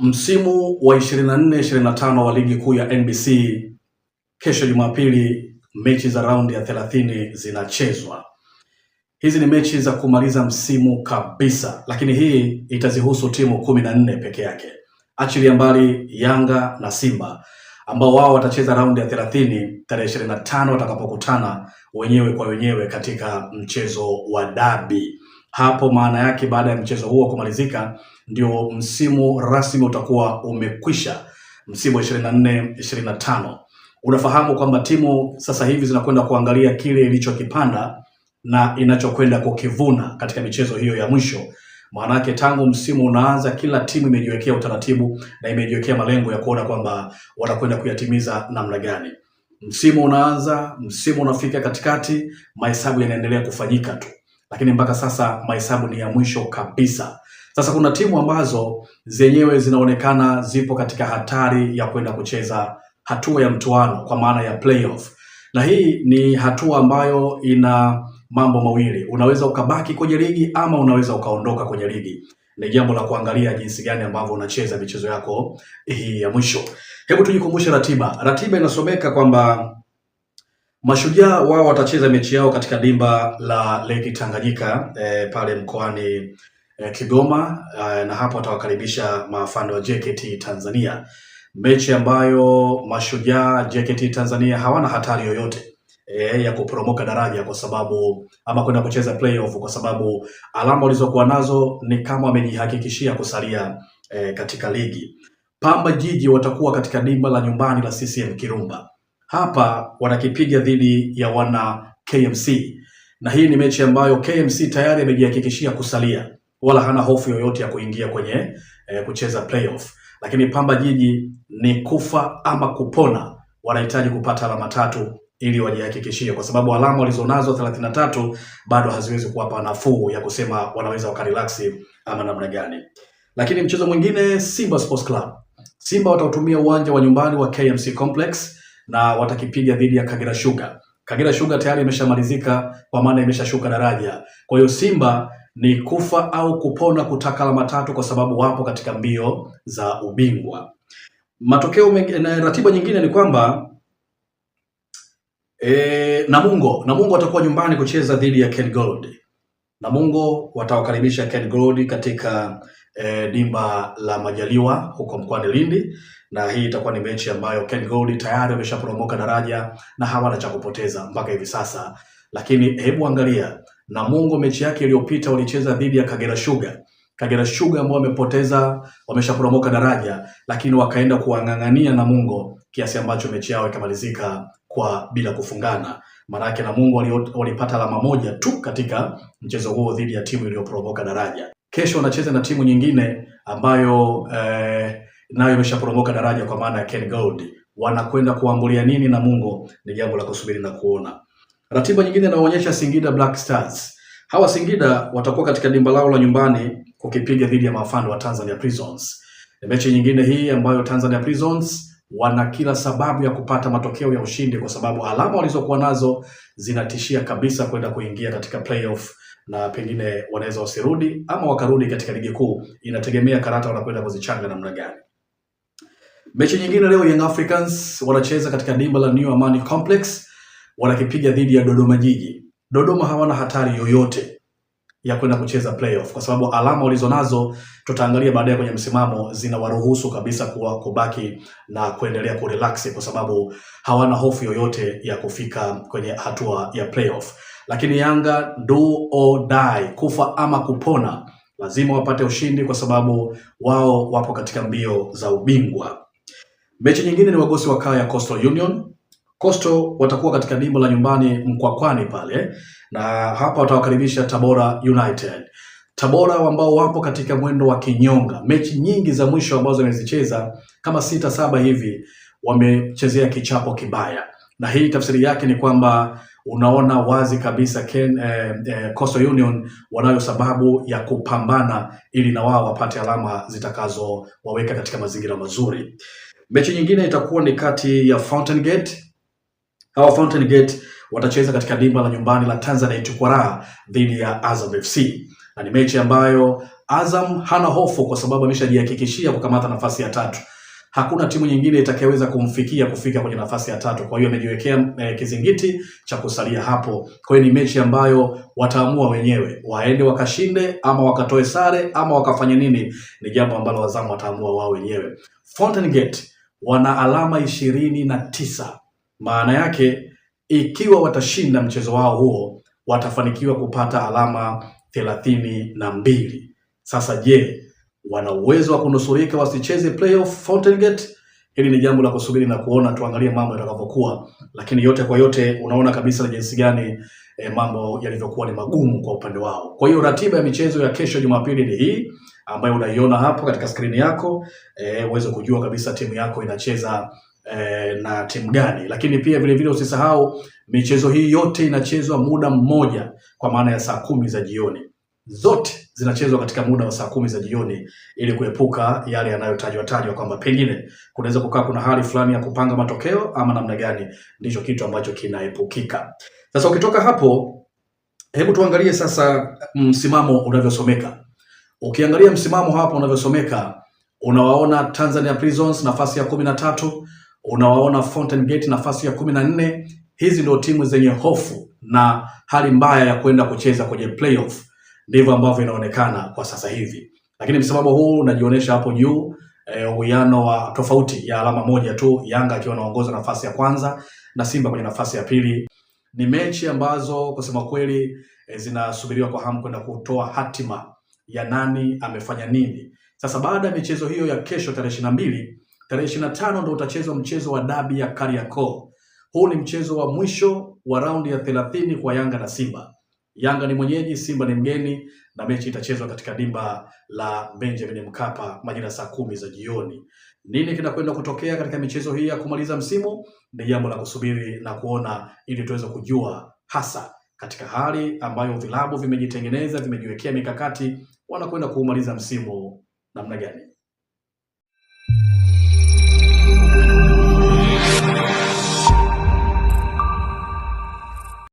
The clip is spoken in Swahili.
Msimu wa 24 25 wa ligi kuu ya NBC kesho Jumapili, mechi za raundi ya 30 zinachezwa. Hizi ni mechi za kumaliza msimu kabisa, lakini hii itazihusu timu kumi na nne peke yake, achilia mbali Yanga na Simba ambao wao watacheza raundi ya thelathini tarehe 25 na tano watakapokutana wenyewe kwa wenyewe katika mchezo wa dabi. Hapo maana yake baada ya mchezo huo kumalizika, ndio msimu rasmi utakuwa umekwisha, msimu wa ishirini na nne na tano. Unafahamu kwamba timu sasa hivi zinakwenda kuangalia kile ilichokipanda na inachokwenda kukivuna katika michezo hiyo ya mwisho Maanake tangu msimu unaanza, kila timu imejiwekea utaratibu na imejiwekea malengo ya kuona kwamba wanakwenda kuyatimiza namna gani. Msimu unaanza, msimu unafika katikati, mahesabu yanaendelea kufanyika tu, lakini mpaka sasa mahesabu ni ya mwisho kabisa. Sasa kuna timu ambazo zenyewe zinaonekana zipo katika hatari ya kwenda kucheza hatua ya mtoano kwa maana ya playoff, na hii ni hatua ambayo ina mambo mawili, unaweza ukabaki kwenye ligi ama unaweza ukaondoka kwenye ligi. Ni jambo la kuangalia jinsi gani ambavyo unacheza michezo yako hii ya mwisho. Hebu tujikumbushe ratiba. Ratiba inasomeka kwamba Mashujaa wao watacheza mechi yao katika dimba la Lake Tanganyika e, pale mkoani e, Kigoma e, na hapo watawakaribisha maafande wa JKT Tanzania, mechi ambayo Mashujaa JKT Tanzania hawana hatari yoyote eh, ya kupromoka daraja kwa sababu ama kwenda kucheza playoff kwa sababu alama walizokuwa nazo ni kama wamejihakikishia kusalia eh, katika ligi. Pamba Jiji watakuwa katika dimba la nyumbani la CCM Kirumba. Hapa wanakipiga dhidi ya wana KMC, na hii ni mechi ambayo KMC tayari amejihakikishia kusalia, wala hana hofu yoyote ya kuingia kwenye eh, kucheza playoff. Lakini Pamba Jiji ni kufa ama kupona, wanahitaji kupata alama tatu ili wajihakikishie, kwa sababu alama walizonazo 33 bado haziwezi kuwapa nafuu ya kusema wanaweza wakarelax ama namna gani. Lakini mchezo mwingine Simba Sports Club, Simba watautumia uwanja wa nyumbani wa KMC Complex na watakipiga dhidi ya Kagera Sugar. Kagera Sugar tayari imeshamalizika kwa maana imeshashuka daraja. Kwa hiyo Simba ni kufa au kupona kutaka alama tatu, kwa sababu wapo katika mbio za ubingwa. Matokeo na ratiba nyingine ni kwamba E, Namungo Namungo watakuwa nyumbani kucheza dhidi ya Ken Gold. Namungo watawakaribisha Ken Gold katika e, dimba la Majaliwa huko mkoani Lindi, na hii itakuwa ni mechi ambayo Ken Gold tayari wameshaporomoka daraja na hawana cha kupoteza mpaka hivi sasa, lakini hebu angalia Namungo mechi yake iliyopita walicheza dhidi ya Kagera Sugar. Kagera Sugar ambao wamepoteza wameshaporomoka daraja, lakini wakaenda kuwang'ang'ania Namungo kiasi ambacho mechi yao ikamalizika kwa bila kufungana. Maanake na Mungu walipata alama moja tu katika mchezo huo dhidi ya timu iliyoporomoka daraja. Kesho wanacheza na timu nyingine ambayo eh, nayo imeshaporomoka daraja kwa maana ya Ken Gold. Wanakwenda kuambulia nini na Mungu ni jambo la kusubiri na kuona. Ratiba nyingine inaonyesha Singida Black Stars. Hawa Singida watakuwa katika dimba lao la nyumbani kukipiga dhidi ya mafando wa Tanzania Prisons. Mechi nyingine hii ambayo Tanzania Prisons wana kila sababu ya kupata matokeo ya ushindi, kwa sababu alama walizokuwa nazo zinatishia kabisa kwenda kuingia katika playoff na pengine wanaweza wasirudi ama wakarudi katika ligi kuu, inategemea karata wanakwenda kuzichanga namna gani. Mechi nyingine leo Young Africans wanacheza katika dimba la New Amani Complex, wanakipiga dhidi ya Dodoma Jiji. Dodoma hawana hatari yoyote ya kwenda kucheza playoff kwa sababu alama nazo tutaangalia baadaye kwenye msimamo zinawaruhusu kabisa kuwa kubaki na kuendelea kurelax kwa sababu hawana hofu yoyote ya kufika kwenye hatua ya playoff. Lakini Yanga do or die, kufa ama kupona, lazima wapate ushindi kwa sababu wao wapo katika mbio za ubingwa. Mechi nyingine ni wagosi wa kaya Coastal Union Coastal watakuwa katika dimba la nyumbani Mkwakwani pale, na hapa watawakaribisha Tabora United. Tabora ambao wapo katika mwendo wa kinyonga, mechi nyingi za mwisho ambazo wamezicheza kama sita saba hivi wamechezea kichapo kibaya, na hii tafsiri yake ni kwamba unaona wazi kabisa Ken, eh, eh, Coastal Union wanayo sababu ya kupambana ili na wao wapate alama zitakazowaweka katika mazingira mazuri. Mechi nyingine itakuwa ni kati ya Fountain Gate Hawa Fountain Gate watacheza katika dimba la nyumbani la Tanzania kwa dhidi ya Azam FC, na ni mechi ambayo Azam hana hofu kwa sababu ameshajihakikishia kukamata nafasi ya tatu. Hakuna timu nyingine itakayeweza kumfikia kufika kwenye nafasi ya tatu. Kwa hiyo amejiwekea eh, kizingiti cha kusalia hapo. Kwa hiyo ni mechi ambayo wataamua wenyewe, waende wakashinde ama wakatoe sare ama wakafanye nini, ni jambo ambalo Azam wataamua wao wenyewe. Fountain Gate wana alama ishirini na tisa maana yake ikiwa watashinda mchezo wao huo watafanikiwa kupata alama thelathini na mbili. Sasa je, wana uwezo wa kunusurika wasicheze playoff Fountain Gate? Hili ni jambo la kusubiri na kuona, tuangalie mambo yatakavyokuwa, lakini yote kwa yote unaona kabisa jinsi gani e, mambo yalivyokuwa ni magumu kwa upande wao. Kwa hiyo ratiba ya michezo ya kesho Jumapili ni hii ambayo unaiona hapo katika skrini yako, e, uweze kujua kabisa timu yako inacheza Eh, na timu gani. Lakini pia vile vile usisahau michezo hii yote inachezwa muda mmoja, kwa maana ya saa kumi za jioni zote zinachezwa katika muda wa saa kumi za jioni ili kuepuka yale yanayotajwa tajwa kwamba pengine kunaweza kukaa kuna hali fulani ya kupanga matokeo ama namna gani, ndicho kitu ambacho kinaepukika. Sasa ukitoka hapo, hebu tuangalie sasa mm, msimamo unavyosomeka. Ukiangalia msimamo hapo unavyosomeka, unawaona Tanzania Prisons nafasi ya kumi na tatu Unawaona Fountain Gate nafasi ya kumi na nne. Hizi ndio timu zenye hofu na hali mbaya ya kwenda kucheza kwenye playoff, ndivyo ambavyo inaonekana kwa sasa hivi, lakini msimamo huu unajionyesha hapo juu eh, uwiano wa tofauti ya alama moja tu, Yanga akiwa anaongoza nafasi ya kwanza na Simba kwenye nafasi ya pili. Ni mechi ambazo kusema kweli e, zinasubiriwa kwa hamu kwenda kutoa hatima ya nani amefanya nini. Sasa baada ya michezo hiyo ya kesho tarehe ishirini na mbili Tarehe 25 ndio utachezwa mchezo wa dabi ya Kariakoo. Huu ni mchezo wa mwisho wa raundi ya 30 kwa Yanga na Simba. Yanga ni mwenyeji, Simba ni mgeni, na mechi itachezwa katika dimba la Benjamin Mkapa majira saa kumi za jioni. Nini kinakwenda kutokea katika michezo hii ya kumaliza msimu ni jambo la kusubiri na kuona, ili tuweze kujua hasa katika hali ambayo vilabu vimejitengeneza, vimejiwekea mikakati, wanakwenda kuumaliza msimu namna gani.